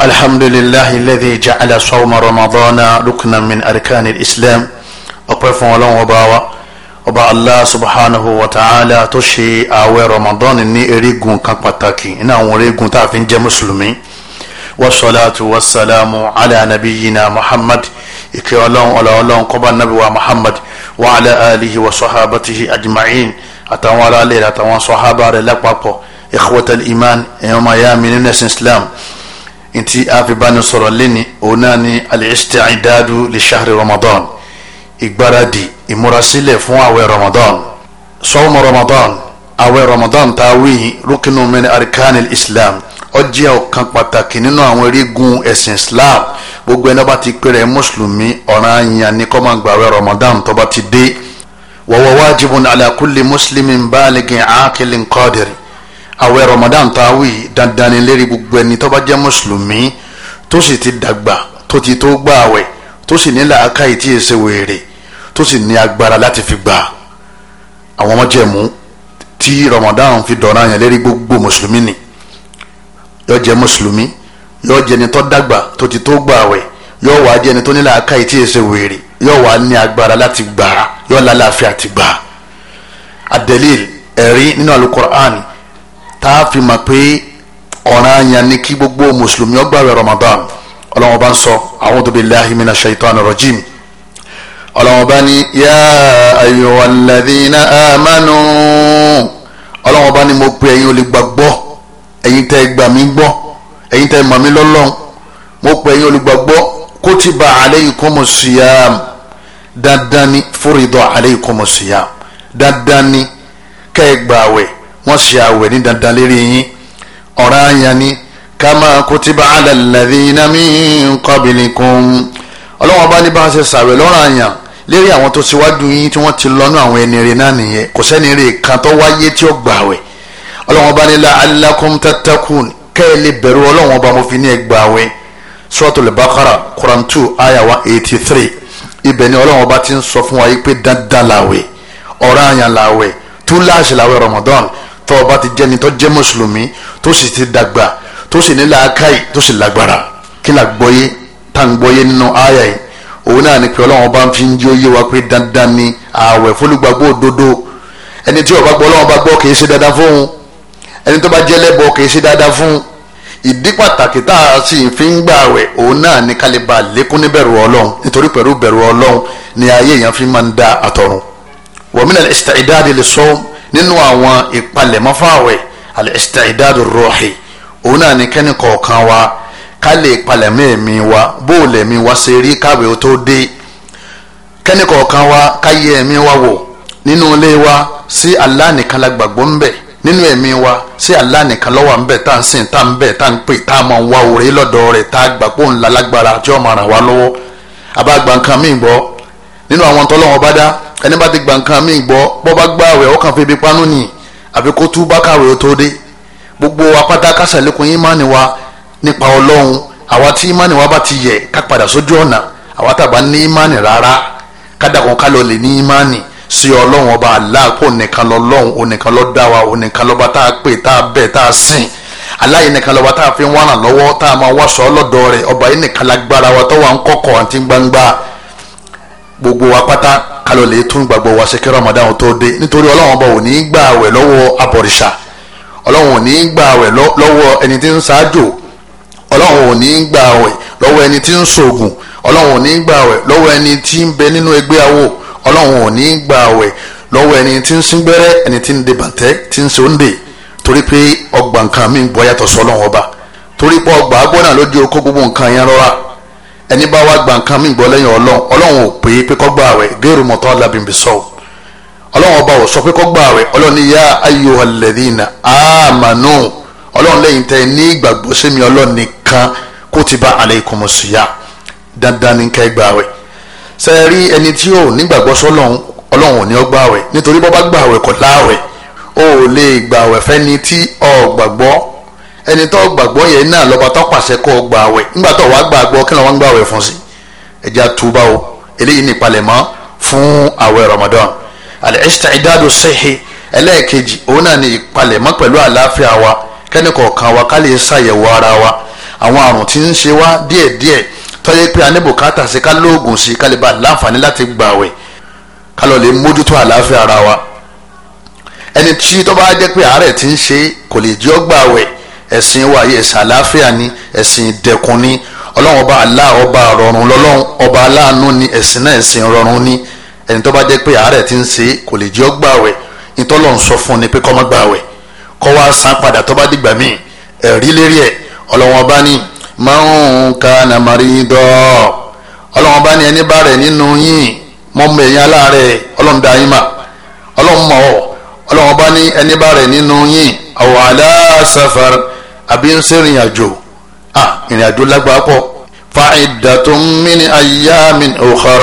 الحمد لله الذي جعل صوم رمضان ركنا من أركان الإسلام ọpẹ́ fún Ọlọ́run ọba wa ọba allah subhanahu wa ta'ala tó ṣe ààwẹ̀ ramadan ní erigun kan pàtàkì ní àwọn erigun tá a fi ń jẹ́ mùsùlùmí wasalaatu wasalaamu ala nabiyina muhammad ìkẹ́ Ọlọ́run Ọlọ́run kọba nabiwa muhammad wa ala alihi wa sahabatihi ajma'in àtàwọn aráàlẹ àtàwọn sahaba rẹ̀ lápapọ̀ ikhwatal iman ẹ̀yọ́n mayami nínú ẹ̀sìn islam nti afibani sọ̀rọ̀ lẹ́ni òun náà ni al-isti'dadu li shahri ramadan ìgbáradì ìmúrasílẹ̀ fún àwẹ̀ ramadan sọ́wọ́mọ ramadan àwẹ̀ ramadan tá a wí rúkìnnú min arkanil islam ó jẹ́ ọ̀kan pàtàkì nínú àwọn orígun ẹ̀sìn islam gbogbo ẹni bá ti pèrè mùsùlùmí ọ̀ranyàn ni kó máa gbààwẹ̀ ramadan tó ti dé wa huwa wajibun ala muslimin balighin aqilin qadir àwẹ̀ Ramadan tá a wí dandan ni lérí gbogbo ẹni tó bá jẹ́ mùsùlùmí tó sì ti dàgbà tó ti tó gbà àwẹ̀ tó sì ní làákàyè tí èsè wèrè tó sì ní agbára láti fi gbà àwọn májẹ̀mú tí Ramadan fi dọ̀ràn yẹn lérí gbogbo mùsùlùmí ni yóò jẹ́ mùsùlùmí yóò jẹ́ ẹni tó dàgbà tó ti tó gbà àwẹ̀ yóò wá jẹ́ ẹni tó ní làákàyè tí èsè wèrè yóò wá ní agbára láti gbà yóò lálàáfíà ti gbà adelil ẹ̀rí nínú alukur'an tá a fi mọ̀ pé ọ̀ranyàn ni kí gbogbo mùsùlùmí ó gbààwẹ̀ Ramadan ọlọ́wọ́n bá ń sọ a'udhu billahi minash shaitani rajim ọlọ́wọ́n bá ní yá ayyuhal ladhina amanu ọlọ́wọ́n bá ní mo pe ẹ̀yin olùgbàgbọ́ ẹ̀yin tẹ́ gbà mí gbọ́ ẹ̀yin tẹ́ mọ̀ mí lọ́lọ́run mo pe ẹ̀yin olùgbàgbọ́ kutiba alaykumus siyam dandan ni furido alaykumus siyam dandan ni kẹ́ gbààwẹ̀ wọ́n ṣe àwẹ̀ ní dandan lérí yín ọ̀ranyàn ni kama kutiba ala alladhina min qablikum ọlọ́wọ́n bá ní bá ń ṣe sàwẹ̀ lọ́ranyàn lérí àwọn tó ṣíwájú yín tí wọ́n ti lọ́nú àwọn ẹni rẹ̀ náà nìyẹn kò sẹ́ni rẹ̀ kan tó wáyé tí ó gbàwẹ̀ ọlọ́wọ́n bá ní la'allakum tattaqun kẹ́ ẹ lè bẹ̀rù ọlọ́wọ́n bá mo fi ní ẹ gbàwẹ̀ suratul baqara quran two aya eighty three ibẹ̀ ni ọlọ́wọ́n bá ti ń sọ fún wa yìí pé dandan làwẹ̀ ọ̀ranyàn làwẹ̀ túláàṣì làwẹ̀ ramadan tó o bá ti jẹ́ ni tó jẹ́ mùsùlùmí tó sì ti dàgbà tó sì ní làákàyè tó sì lágbára kí la gbọ́yé tá n gbọ́yé nínú àyà yìí òun náà ni pé ọlọ́run bá ń fi ń jí oyé wa pé dandan ni ààwẹ̀ fólúgbàgbọ́ òdodo ẹni tí ó bá gbọ́ ọlọ́run bá gbọ́ kì í ṣe dandan fóun ẹni tó bá jẹ́ lẹ́bọ kì ṣe dandan fún ìdí pàtàkì tá a sì fi ń gbà wẹ̀ òun náà ni kálíba lékún ní bẹ̀rù ọlọ́run nítorí pẹ̀lú bẹ̀rù ọlọ́run ni ayé èèyàn fi máa ń da àtọ̀run wa min al-isti'dad li-sawm nínú àwọn ìpalẹ̀mọ́ fáwẹ̀ al-isti'dadu ruhi òun náà ní kẹ́ni kọ̀ọ̀kan wa ká lè palẹ̀mọ́ ẹ̀mí wa bó o lẹ̀mí wa ṣe rí káwé o tó dé kẹ́ni kọ̀ọ̀kan wa ká yẹ ẹ̀mí wa wò nínú ilé wa sí Allah nìkan la gbàgbọ́ ń bẹ̀ nínú ẹ̀mí wa sí Allah nìkan ló wà ń bẹ̀ tá à ń sìn tá à ń bẹ̀ tá à ń pè tá à máa ń wá òrè lọ́dọ̀ rẹ̀ tá a gbà pé òun lálágbára tí ó wá lọ́wọ́ àbá gbàǹkan míì gbọ́ nínú àwọn tọ́lọ́wọ́n bá dá ẹni bá ti gbà nǹkan mi gbọ́ bọ́ bá gbà wẹ̀ ọkàn fi ibi panu nì àbí kó tú bá kàwé tó dé gbogbo apáta kásálẹ́kùn ìmánì wa nípa ọlọ́run àwa tí ìmánì wa bá ti yẹ ká padà sójú ọ̀nà àwa tàbá ní ìmánì rárá kádàkùn ká lọ lè ní ìmánì sí ọlọ́run ọba aláàpò nìkan lọ́lọ́run onìkan ló dá wa onìkan lọ́ba tá a pè tá a bẹ̀ tá a sìn aláyé nìkan lọ́ba tá a fi ń wà lọ́wọ́ tá a máa wá sọ ọlọ́dọ̀ rẹ̀ ọba yìí nìkan lágbára wa tó wà ń kọ̀kọ̀ àti gbangba gbogbo wa kálọ̀ lè tún gbàgbọ́ wa ṣe kí Ramadan tó dé nítorí ọlọ́run ọba ò ní í gbà àwẹ̀ lọ́wọ́ abọ̀rìṣà ọlọ́run ò ní í gbà àwẹ̀ lọ́wọ́ ẹni tí ń o ọlọ́run ò ní í gbà àwẹ̀ lọ́wọ́ ẹni tí ń ṣoògùn ọlọ́run ò ní í gbà àwẹ̀ lọ́wọ́ ẹni tí awo ọlọ́run o ní í gbà àwẹ̀ lọ́wọ́ ẹni tí ń síngbẹ́rẹ́ ẹni tí ń de bàtẹ́ tí ń ṣe òǹdè torí pé ọgbà nǹkan mi ń bọ́ yàtọ̀ sọ́lọ́run ọba torí pé ọgbà agbọ́nà lójú gbogbo nǹkan yẹn rọra ẹni bá wá gba nǹkan mi gbọ́ lẹ́yìn ọlọ́run ọlọ́run ò pé pé kọ́ gbààwẹ̀ géèrè mọ̀tọ́ alábìnrin sọ ọlọ́run ọba ò sọ pé kọ́ gbààwẹ̀ ọlọ́run ní yá ayyuhal ladhina amanu ọlọ́run lẹ́yìn tẹ́ ní ìgbàgbọ́ sẹ́mi ọlọ́run nìkan kutiba alaykumus siyam dandan ní kẹ́ gbààwẹ̀ ṣe é rí ẹni tí ò nígbàgbọ́ sọ́lọ́run ọlọ́run ò ní ọ gbààwẹ̀ nítorí bọ́ o ò lè ẹni tó gbàgbọ́ yẹn náà lọ́ba tó pàṣẹ kó o gbà wẹ̀ nígbà tó wàá gbàgbọ́ kí làwọn gbà wẹ̀ fún sí ẹja túbà o eléyìí ní ìpalẹ̀mọ́ fún àwẹ̀ Ramadan al-isti'dadu sihhi ẹlẹ́ẹ̀kejì òun náà ní ìpalẹ̀mọ́ pẹ̀lú àlàáfíà wa kẹ́ni kọ̀ọ̀kan wa ká lè ṣàyẹ̀wò ara wa àwọn àrùn tí ń ṣe wá díẹ̀díẹ̀ tó yẹ pé a ní bùkátà sí ká lóògùn sí ká lè ẹni tí tó bá jẹ́ pé àárẹ̀ ti ń ṣe kò lè jẹ́ ó gbààwẹ̀ ẹ̀sìn wa yìí ẹ̀sìn àlàáfíà ni ẹ̀sìn ìdẹ̀kùn ni ọlọ́run ọba Allah ọba rọrùn lọ́lọ́run ọba aláàánú ni ẹ̀sìn náà ẹ̀sìn rọrùn ni ẹni tó bá jẹ́ pé àárẹ̀ ti ń ṣe kò lè jẹ́ gbààwẹ̀ ìtọ́lọ̀ ń sọ fún ni pé kó má gbààwẹ̀ kó wá san padà tó bá dìgbà míì ẹ̀rí lérí ẹ̀ ọlọ́run ọba ní man kana marido ọlọ́run ọba ní ẹni bá rẹ̀ nínú yín mọ́mọ́ ẹ̀yìn aláàárẹ̀ ọlọ́run dá yín mà ọlọ́run mọ̀ ọ́ ọlọ́run ọba ní ẹni bá rẹ̀ nínú yín aw ala safar àbí ń sẹ́rìn àjò ìrìn àjò lágbàá pọ̀ fa'iddatun min ayyamin ukhar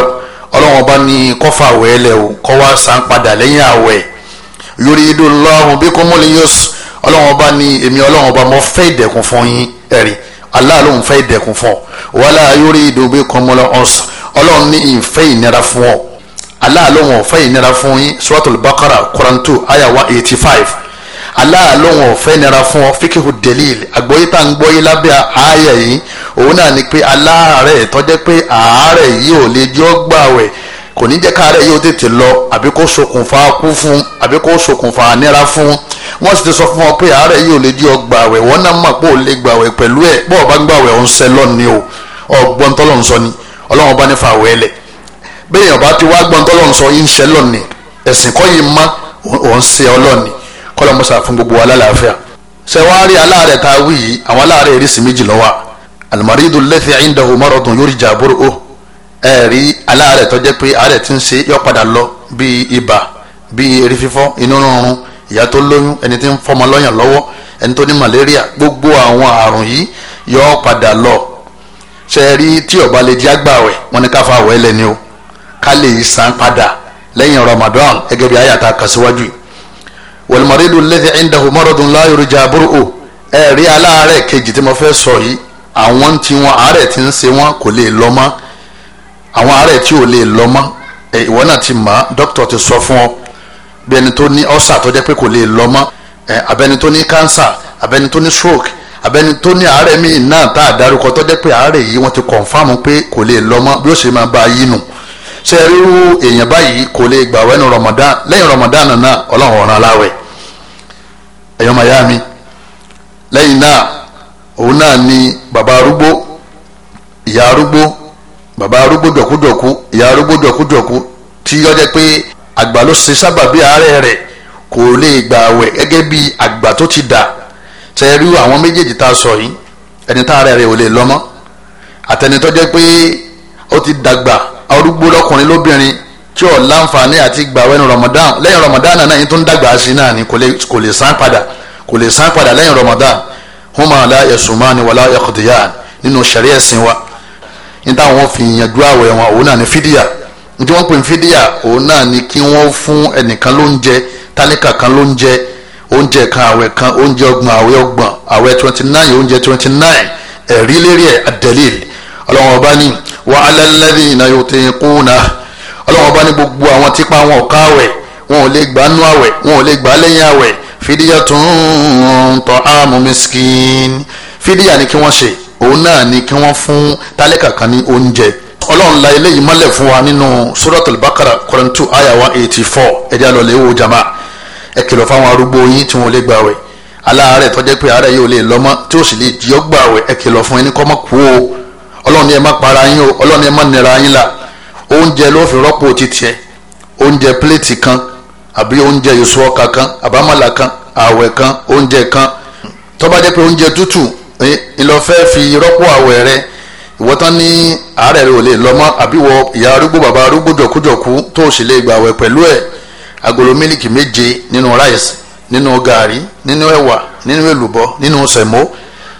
ọlọ́run ọba ní kọ́fà wẹ́lẹ̀ o kọ́ wá san padà lẹ́yìn àwẹ̀ yuridullahu bikumul yus ọlọ́run ọba ní èmi ọlọ́run ọba mo fẹ́ ìdẹ̀kùn fún yín ẹ̀rí Allah ló ń fẹ́ ìdẹ̀kùn fún ọ wala yuridu bikumul usr ọlọ́run ní ìfẹ́ ìnira fún ọ Allah fẹ́ ìnira fún yín suratul baqara Quran two eighty five Allah lóhun ọ̀fẹ́ nira fún ọ fíkìhù delil àgbọ́yé tá à ń gbọ́yé lábẹ́ ààyè yìí òun náà ni pé aláàárẹ̀ tọ́jẹ́ pé àárẹ̀ yìí ò lè jọ́ gbàwẹ̀ kò ní jẹ́ káàárẹ̀ yìí ó tètè lọ àbí kó ṣokùnfà kú fún àbí kó ṣokùnfà nira fún wọ́n sì ti sọ fún ọ pé àárẹ̀ yìí ò lè jọ́ gbàwẹ̀ wọ́n náà mọ̀ pé ò lè gbàwẹ̀ pẹ̀lú ẹ̀ bọ́ọ̀ bá gbàwẹ̀ ń o ọgbọ́n tọ́lọ́ ń sọ ni ọlọ́run bá ní fa àwẹ̀ ẹlẹ̀ kọlọmọsà fún gbogbo alálàáfíà sẹwárí aláàrẹ tá a wí yìí àwọn aláàrẹ ìrísí méjì lọ́wọ́ alimaridu lẹ́tì ayíǹdàhùn márùndùn yóò rí jàbúrò ó ẹ rí aláàrẹ tó jẹ́ pé àárẹ̀ ti ń ṣe yọ padà lọ bíi ibà bíi eré fífọ́ inú rúnrún ìyá tó lóyún ẹni tí ń fọmọ lọ́yàn lọ́wọ́ ẹni tó ní malaria gbogbo àwọn àrùn yìí yọ padà lọ ṣe rí tí ọba lè di agbáwẹ̀ wọn ni ká fa àwẹ̀ o ká lè san padà lẹ́yìn Ramadan gẹ́gẹ́ bí àyàtà kàṣíwájú yìí wàlùmọ́rẹ́dù lẹ́fẹ̀ẹ́ ẹ̀ńdàhùn mọ́rọ̀dùn láyò rẹ̀ jàbúrò ò ẹ̀rí aláàárẹ̀ kejì tí mo fẹ́ sọ yìí àwọn tí wọn àárẹ̀ tí ń ṣe wọn kò lè lọ mọ́ àwọn àárẹ̀ tí ò lè lọ mọ́ ẹ̀ ìwọ náà ti mọ̀ dókítà ti sọ fún ọ bí ẹni tó ní ọ́sà tó jẹ́ pé kò lè lọ mọ́ ẹ̀ abẹ́ni tó ní kánsà abẹ́ni tó ní stroke abẹ́ni tó ní àárẹ̀ míì náà tá a dárúkọ tó jẹ́ pé àárẹ̀ yìí wọ́n ti kọ̀ǹfàmù pé kò lè lọ mọ́ bí ó ṣe máa bá a yín ṣe irú èèyàn báyìí kò lè gbààwẹ̀ ní Ramadan lẹ́yìn Ramadan náà Ọlọ́run ọ̀ràn aláwẹ̀ ẹ̀yọ́ mayami lẹ́yìn náà òun náà ni Baba arúgbó ìyá arúgbó bàbá arúgbó dọ̀kúdọ̀kú ìyá arúgbó dọ̀kúdọ̀kú tí ó jẹ́ pé àgbà ló ṣe sábàbí àárẹ̀ rẹ̀ kò lè gbààwẹ̀ gẹ́gẹ́ bí àgbà tó ti dà ṣe irú àwọn méjèèjì tá a sọ yìí ẹni tá àárẹ̀ rẹ̀ ò lè lọ́mọ́ àtẹnitọ́jẹ́ pé ó ti dàgbà arúgbó lọ́kùnrin lóbìnrin tí ò láǹfààní àti gbàwẹ́nu Ramadan lẹ́yìn Ramadan náà yìí tó ń dàgbà sí náà ni kò lè san padà kò lè san padà lẹ́yìn Ramadan huma la yasumani wala yaqdiyan nínú sariya sin wa níta wọn fi yanjú àwẹ̀ wọn òun náà ni fídíà níta wọn pè ní fídíà òun náà ni kí wọ́n fún ẹnìkan lóúnjẹ tálíkà kan lóúnjẹ oúnjẹ kan àwẹ̀ kan oúnjẹ ọgbọ̀n àwẹ̀ ọgbọ̀n àwẹ̀ twenty nine oúnjẹ twenty nine ẹ̀rí lérí ẹ̀ adẹ́lẹ́lì ọlọ́wọ́n ọba ní wa alẹ́lẹ́dì iná yóò tẹ̀ kú na ọlọ́wọ́n bá ní gbogbo àwọn tipa wọn ò káwẹ̀ wọn ò lè gbà nú àwẹ̀ wọn ò lè gbà lẹ́yìn àwẹ̀ fìdíyà tó ń tọ́ àmú miskin fìdíyà ni kí wọ́n ṣe òun náà ni kí wọ́n fún tálẹ́kà kan ní oúnjẹ ọlọ́run la eléyìí mọ́lẹ̀ fún wa nínú suratul bakara kọ́rẹ́ntù àyà one eighty four ẹ̀dí àlọ́lẹ̀ ewu jama ẹ kìlọ̀ fáwọn arúgbó yín tí wọ́n lè gbà wẹ̀ aláàárẹ̀ tọ́jẹ́ pé àárẹ̀ yóò lè lọ́mọ tí ó sì lè jí ọgbà wẹ̀ ẹ kìlọ̀ fún ẹni kọ́mọ́ kú o ọlọ́run ni ẹ má para yín o ọlọ́run ni ẹ má nira yín la oúnjẹ ló fi rọ́pò títí ẹ oúnjẹ pléètì kan àbí oúnjẹ èso ọkà kan àbámàlà kan àwẹ̀ kan oúnjẹ kan tó bá jẹ́ pé oúnjẹ tútù ìlọ́fẹ́ fi rọ́pò àwẹ̀ rẹ ìwọ tán ní àárẹ̀ rẹ ò lè lọ mọ́ àbí wọ ìyá arúgbó bàbá arúgbó jọ̀kújọ̀kú tó o sì lè gbà àwẹ̀ pẹ̀lú ẹ̀ agolo mílìkì méje nínú ráìsì nínú gàrí nínú ẹ̀wà nínú èlùbọ́ nínú sẹ̀mó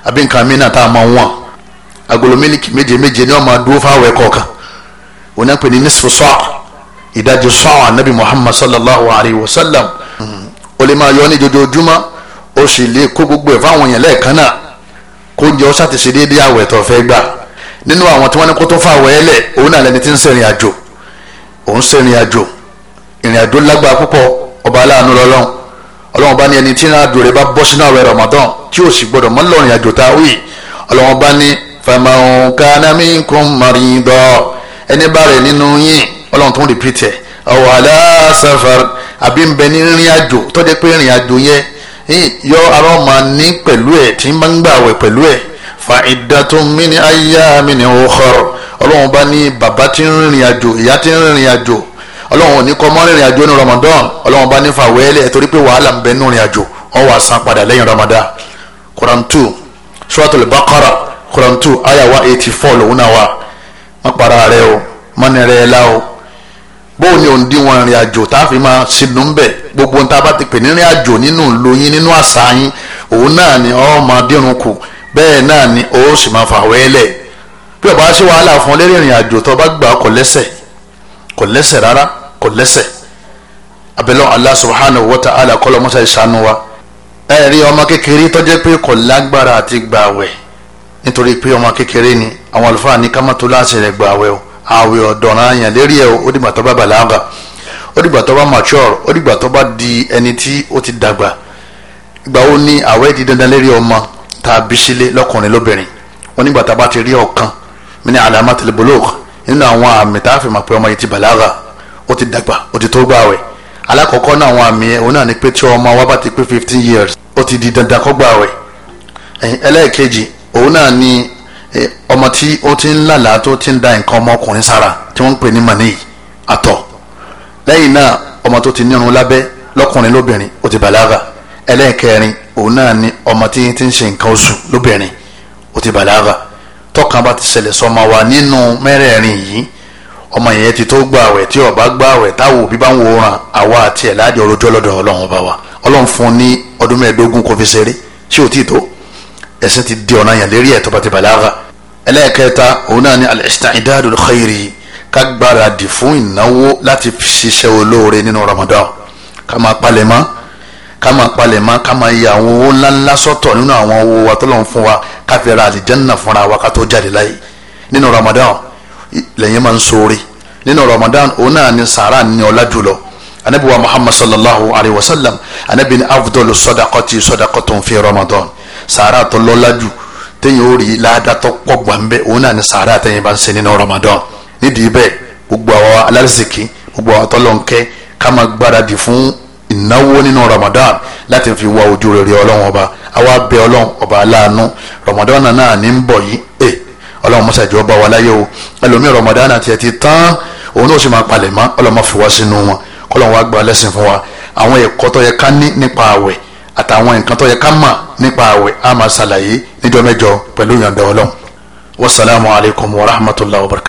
àbí nǹkan mìíràn tá a máa wọ̀n agolo mílíkì méje méje ni wọn máa dúró fáwọn ẹ̀kọ́ kan wọn náà pè ní nisfu sọ́ọ̀ anabi muhammad sallallahu alayhi wa sallam o lè máa yọ ní jojoojúmọ́ o sì lè kó gbogbo ẹ̀ fáwọn èèyàn lẹ́ẹ̀kan náà kó jẹ́ ó ṣàtìṣe déédéé àwẹ̀ tó fẹ́ gbà nínú àwọn tí wọ́n ní kó tó fàwọ̀ ẹ́ lẹ̀ òun náà lẹni tí ń ṣèrìn àjò òun ṣèrìn àjò ìrìn àjò lágbára púpọ̀ ọba aláàánú lọ́lọ́run ọlọ́run bá ní ẹni tí ìrìn àjò rẹ̀ bá bọ́ sínú àwẹ̀ ramadan tí ò sì gbọdọ̀ mọ́ lọ́rìn àjò tá faman kana minkum marida ẹni bá rẹ̀ nínú yín ọlọ́run tó ń repeat ẹ̀ aw ala safar àbí ń bẹ ní rìn àjò tó jẹ́ pé rìn àjò yẹn yọ ara ọmọ ní pẹ̀lú ẹ̀ tí ń bá ń gbà wẹ̀ pẹ̀lú ẹ̀ fa iddatun min ayyamin ukhar ọlọ́run bá ní bàbá tí ń rìnrìn àjò ìyá tí ń rìnrìn àjò ọlọ́run ò ní kọ́ mọ́ rìnrìn àjò ní Ramadan ọlọ́run bá ní fàwẹ́lẹ̀ torí pé wàhálà ń bẹ nínú rìn àjò wọ́n wà san padà lẹ́yìn Ramadan Quran two Suratul Baqarah Quran two aya one eighty four lòun náà wà má para rẹ o má ní rẹ la o bóun ni òǹdíwọ̀n ìrìn àjò tá a fi máa sinú ń bẹ̀ gbogbo ń ta bá ti pè ní ìrìn àjò nínú lóyún nínú àṣà yín òun náà ni ọ máa dírun kù bẹ́ẹ̀ náà ni ó sì máa fà wẹ́lẹ̀ bí ọba ṣe wàhálà fún lérí ìrìn àjò tó bá gbà kò lẹ́sẹ̀ kò lẹ́sẹ̀ rárá kò lẹ́sẹ̀ abẹ́lẹ́ Allah subhanahu wa ta'ala kọ́lọ́ mọ́sá ìṣàánú wa ẹ̀rí ọmọ kékeré tó jẹ́ pé kò lágbára àti gbàwẹ̀ nítorí pé ọmọ kékeré ni àwọn àlùfáà ní kámátó láti rẹ̀ gba àwẹ̀ o àwẹ̀ ọ̀dọ̀ràn àyàn lérí ẹ̀ ó dìgbà tó bá bàlágà ó dìgbà tó bá mature ó dìgbà tó bá di ẹni tí ó ti dàgbà ìgbà wo ni àwẹ̀ di dandan lérí ọmọ tá a bí sílé lọ́kùnrin lóbìnrin wọn nígbà tá a bá ti rí ọ̀kan min alamatil bulugh nínú àwọn àmì tá a fi mọ̀ pé ọmọ yìí ti bàlágà ó ti dàgbà ó ti tó gbààwẹ̀ alákọ̀ọ́kọ́ náà àwọn àmì ẹ̀ òun náà ni pé tí ọmọ wa bá ti pé fifteen years ó ti di dandan kó gbààwẹ̀ ẹ̀yìn ẹlẹ́ẹ̀kejì òun náà ni ọmọ tí ó ti ń lálàá tó ti ń da nǹkan ọmọkùnrin sára tí wọ́n ń pè ní mani àtọ̀ lẹ́yìn náà ọmọ tó ti ní irun lábẹ́ lọ́kùnrin lóbìnrin ó ti bàlágà ẹlẹ́ẹ̀kẹrin òun náà ni ọmọ tí ti ń ṣe nǹkan oṣù lóbìnrin ó ti bàlágà tọ́kàn bá ti ṣẹlẹ̀ sọmọ wa nínú mẹ́rẹ̀ẹ̀rin yìí ọmọ yẹn ti tó gbà àwẹ̀ tí ọba gbà àwẹ̀ táwọn òbí bá ń wòran àwa àti ẹ̀ láàdì ọlọ́jọ́ lọ́dọ̀ ọlọ́run ọba wa ọlọ́run fún ní ọdún mẹ́ẹ̀ẹ́dógún kò fi ṣeré ṣé ò tí ì tó ẹ̀sìn ti di ọ̀nà yàn lérí ẹ̀ tó bá ti bàlágà ẹlẹ́ẹ̀kẹta òun náà ni al-isti'dadu lil-khayri ká gbáradì fún ìnáwó láti ṣiṣẹ́ olóore nínú Ramadan ká máa palẹ̀ mọ́ ká máa palẹ̀ mọ́ ká máa yẹ àwọn owó ńláńlá sọ́tọ̀ nínú àwọn owó wa tó lọ́n fún wa ká fi ra àlìjẹ́nà fúnra wa ká tó jáde láyé nínú Ramadan lẹ́yìn máa ń ṣoore nínú Ramadan òun náà ni sàrà ni ọlá jùlọ anabi wa muhammad sallallahu alaihi wa sallam anabi ni afdol sọdakọti sọdakọtun fi ramadan sàárà tó lọ́lájú téèyàn ó rí ládàtọ̀ pọ̀ gbàmbẹ́ ni sàárà téèyàn bá ń ṣe nínú ramadan nídìí bẹ́ẹ̀ gbogbo àwọn alárìsìkì gbogbo àwọn tọ́lọ́nkẹ́ ká máa gbáradì fún ìnáwó nínú ramadan láti fi wá ojú rere ọlọ́run ọba àwa bẹ ọlọ́run ọba aláàánú ramadan náà ní ń bọ̀ yìí ẹ eh, ọlọ́run mọ́sá ìjọba wa láyé o ẹlòmíì ramadan àti ẹ̀ ti tán òun náà sì máa palẹ̀ mọ́ ọlọ́run máa fi wá sínú wọn kọ́lọ́n wa gba lẹ́sìn fún wa àwọn ẹ̀kọ́ tó yẹ ká ní nípa àwẹ̀ àtàwọn nǹkan tó yẹ ká mọ̀ nípa àwẹ̀ á máa ṣàlàyé níjọ́ mẹ́jọ pẹ̀lú ìyọ̀ǹda ọlọ́run wasalaamualeykum wa rahmatulah wa barakatuh.